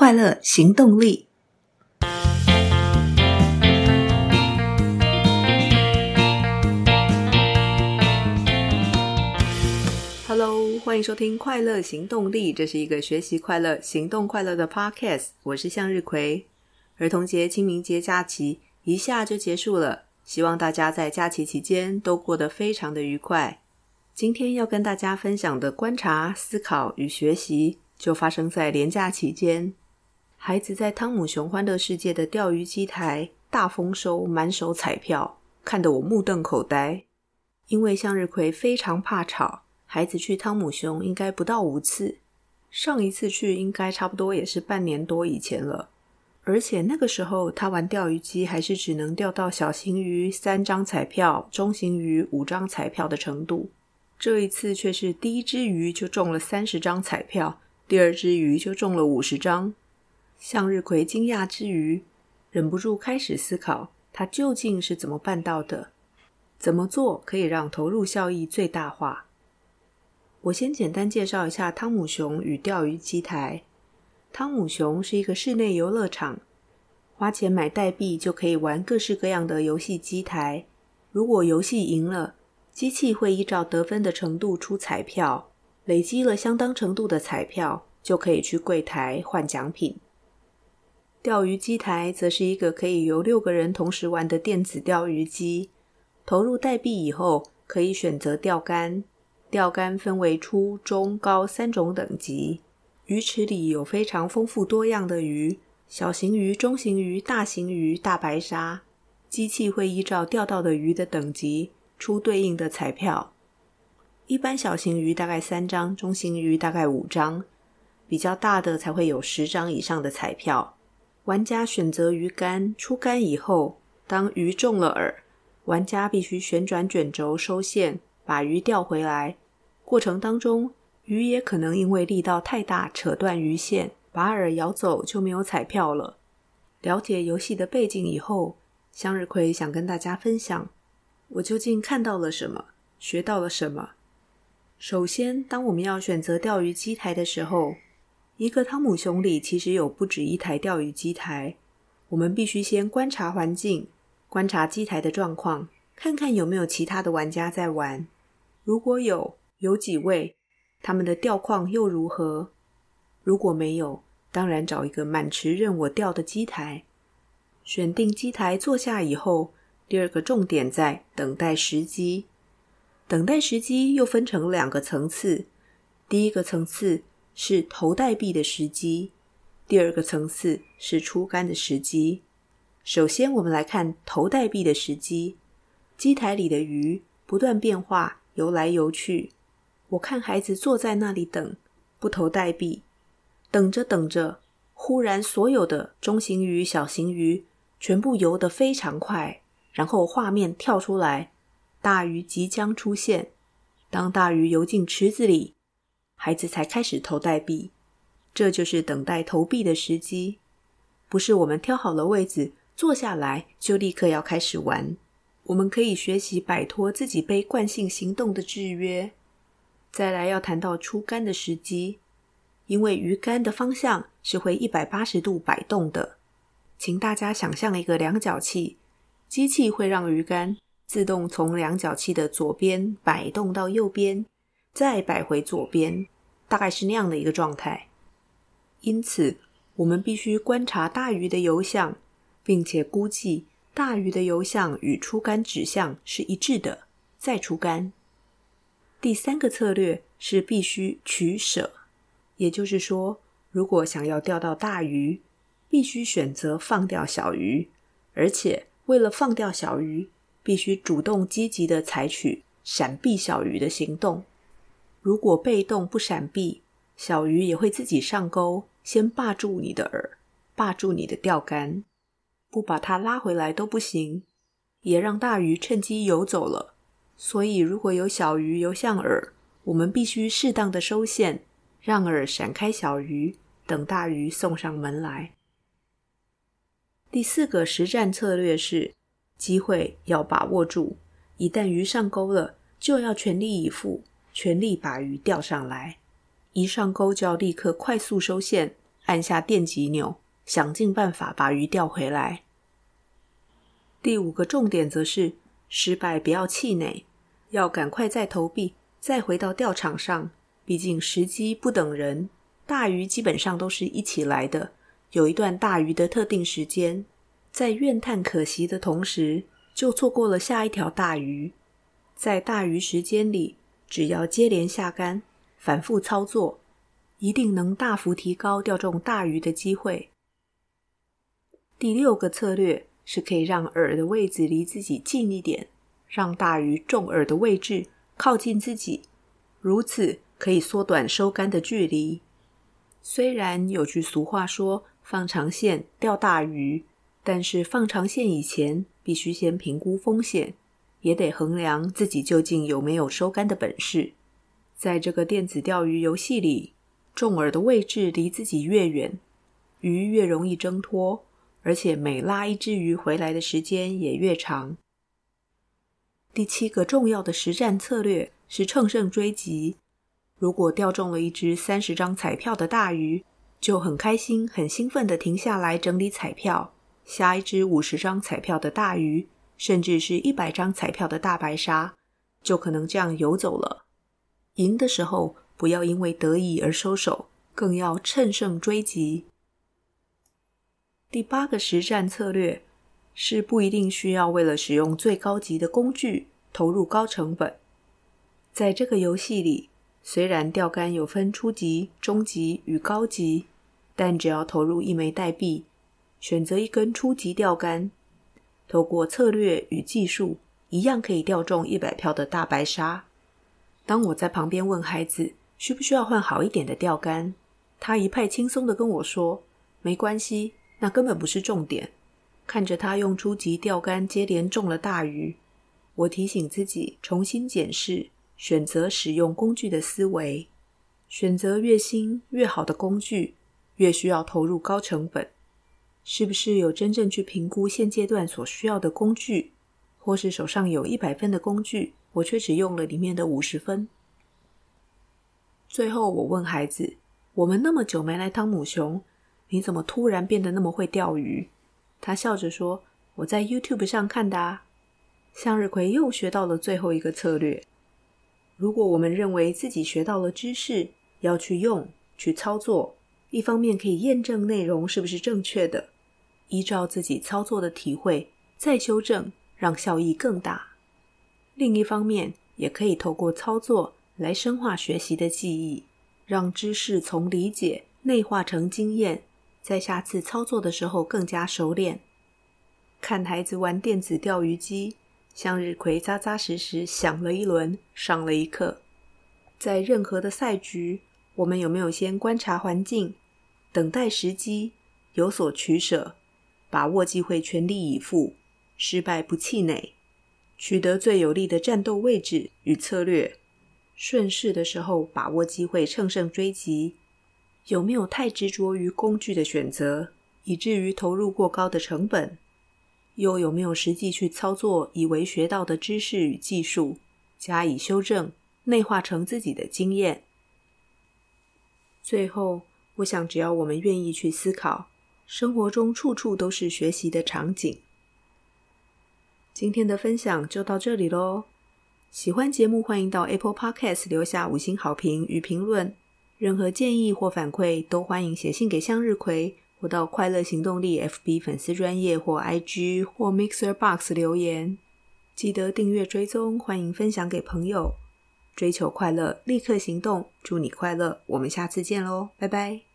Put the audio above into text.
快樂行動力，Hello，歡迎收聽快樂行動力。這是一個學習快樂、行動快樂的 Podcast。我是向日葵。兒童節、清明節假期一下就結束了，希望大家在假期期間都過得非常的愉快。今天要跟大家分享的觀察、思考與學習，就發生在連假期間。孩子在湯姆熊歡樂世界的釣魚機台大豐收，滿手彩票，看得我目瞪口呆。因為向日葵非常怕吵，孩子去湯姆熊應該不到五次，上一次去應該差不多也是半年多以前了。而且那個時候他玩釣魚機還是只能釣到小型魚三張彩票、中型魚五張彩票的程度，這一次卻是第一隻魚就中了三十張彩票，第二隻魚就中了五十張。向日葵驚訝之餘，忍不住開始思考，她究竟是怎麼辦到的？怎麼做可以讓投入效益最大化？我先簡單介紹一下湯姆熊與釣魚機台。湯姆熊是一個室內遊樂場，花錢買代幣就可以玩各式各樣的遊戲機台。如果遊戲贏了，機器會依照得分的程度出彩票，累積了相當程度的彩票，就可以去櫃檯換獎品。釣魚機台則是一個可以由六個人同時玩的電子釣魚機。投入代幣以後，可以選擇釣竿。釣竿分為初中高三種等級。魚池裡有非常豐富多樣的魚：小型魚、中型魚、大型魚、大白鯊。機器會依照釣到的魚的等級出對應的彩票。一般小型魚大概三張，中型魚大概五張，比較大的才會有十張以上的彩票。玩家選擇魚竿出竿以後，當魚中了餌，玩家必須旋轉捲軸收線，把魚釣回來。過程當中，魚也可能因為力道太大扯斷魚線，把餌咬走就沒有彩票了。了解遊戲的背景以後，向日葵想跟大家分享，我究竟看到了什麼，學到了什麼。首先，當我們要選擇釣魚機台的時候，一個湯姆熊裡其實有不止一台釣魚機台，我們必須先觀察環境，觀察機台的狀況，看看有沒有其他的玩家在玩。如果有，有幾位，他們的釣況又如何？如果沒有，當然找一個滿池任我釣的機台。選定機台坐下以後，第二個重點在等待時機。等待時機又分成兩個層次，第一個層次。是投代幣的時機。第二個層次是出桿的時機。首先，我們來看投代幣的時機。機台裡的魚不斷變化，游來游去。我看孩子坐在那裡等，不投代幣，等着等着，忽然所有的中型魚、小型魚全部游得非常快，然後畫面跳出來，大魚即將出現。當大魚游進池子裡，孩子才開始投代幣，這就是等待投幣的時機，不是我們挑好了位置坐下來就立刻要開始玩。我們可以學習擺脫自己被慣性行動的制約。再來要談到出桿的時機，因為魚竿的方向是會一百八十度擺動的。請大家想象一個量角器，機器會讓魚竿自動從量角器的左邊擺動到右邊。再擺回左邊，大概是那樣的一個狀態。因此，我們必須觀察大魚的游向，並且估計大魚的游向與出竿指向是一致的，再出竿。第三個策略是必須取捨，也就是說，如果想要釣到大魚，必須選擇放掉小魚，而且為了放掉小魚，必須主動積極的採取閃避小魚的行動。如果被動不閃避，小魚也會自己上鈎，先霸住你的餌，霸住你的釣竿，不把它拉回來都不行，也讓大魚趁機游走了。所以，如果有小魚游向餌，我們必須適當的收線，讓餌閃開小魚，等大魚送上門來。第四個實戰策略是：機會要把握住，一旦魚上鈎了，就要全力以赴。全力把魚釣上來，一上鈎就要立刻快速收線，按下電極鈕，想盡辦法把魚釣回來。第五個重點則是失敗不要氣餒，要趕快再投幣，再回到釣場上。畢竟時機不等人，大魚基本上都是一起來的，有一段大魚的特定時間，在怨嘆可惜的同時，就錯過了下一條大魚。在大魚時間裡。只要接連下竿，反覆操作，一定能大幅提高釣中大魚的機會。第六個策略是可以讓餌的位置離自己近一點，讓大魚中餌的位置靠近自己，如此可以縮短收竿的距離。雖然有句俗話說“放長線釣大魚”，但是放長線以前必須先評估風險。也得衡量自己究竟有沒有收桿的本事。在這個電子釣魚遊戲裡，重餌的位置離自己越遠，魚越容易掙脫，而且每拉一隻魚回來的時間也越長。第七個重要的實戰策略是乘勝追擊。如果釣中了一隻三十張彩票的大魚，就很開心、很興奮地停下來整理彩票，下一隻五十張彩票的大魚。甚至是一百張彩票的大白鯊，就可能這樣游走了。贏的時候不要因為得意而收手，更要乘勝追擊。第八個實戰策略是不一定需要為了使用最高級的工具投入高成本。在這個遊戲裡，雖然釣竿有分初級、中級與高級，但只要投入一枚代幣，選擇一根初級釣竿。透過策略與技術，一樣可以釣中一百票的大白鯊。當我在旁邊問孩子需不需要換好一點的釣竿，他一派輕鬆地跟我說：“沒關係，那根本不是重點。”看着他用初級釣竿接連中了大魚，我提醒自己重新檢視選擇使用工具的思維：選擇越新越好的工具，越需要投入高成本。是不是有真正去評估現階段所需要的工具，或是手上有一百分的工具，我卻只用了裡面的五十分？最後，我問孩子：“我們那麼久沒來湯姆熊，你怎麼突然變得那麼會釣魚？”他笑着說：“我在 YouTube 上看的啊。”向日葵又學到了最後一個策略：如果我們認為自己學到了知識，要去用、去操作。一方面可以驗證內容是不是正確的，依照自己操作的體會再修正，讓效益更大；另一方面也可以透過操作來深化學習的記憶，讓知識從理解內化成經驗，在下次操作的時候更加熟練。看孩子玩電子釣魚機，向日葵扎扎實實想了一輪，上了一課。在任何的賽局。我們有沒有先觀察環境，等待時機，有所取捨，把握機會，全力以赴，失敗不氣餒，取得最有利的戰鬥位置與策略？順勢的時候，把握機會，乘勝追擊。有沒有太執着於工具的選擇，以至於投入過高的成本？又有沒有實際去操作，以為學到的知識與技術加以修正，內化成自己的經驗？最後，我想，只要我們願意去思考，生活中處處都是學習的場景。今天的分享就到這裡嘍。喜歡節目，歡迎到 Apple Podcast 留下五星好評與評論。任何建議或反饋，都歡迎寫信給向日葵，或到快樂行動力 FB 粉絲專頁或 IG 或 Mixer Box 留言。記得訂閱追蹤，歡迎分享給朋友。追求快樂，立刻行動！祝你快樂，我們下次見嘍，拜拜。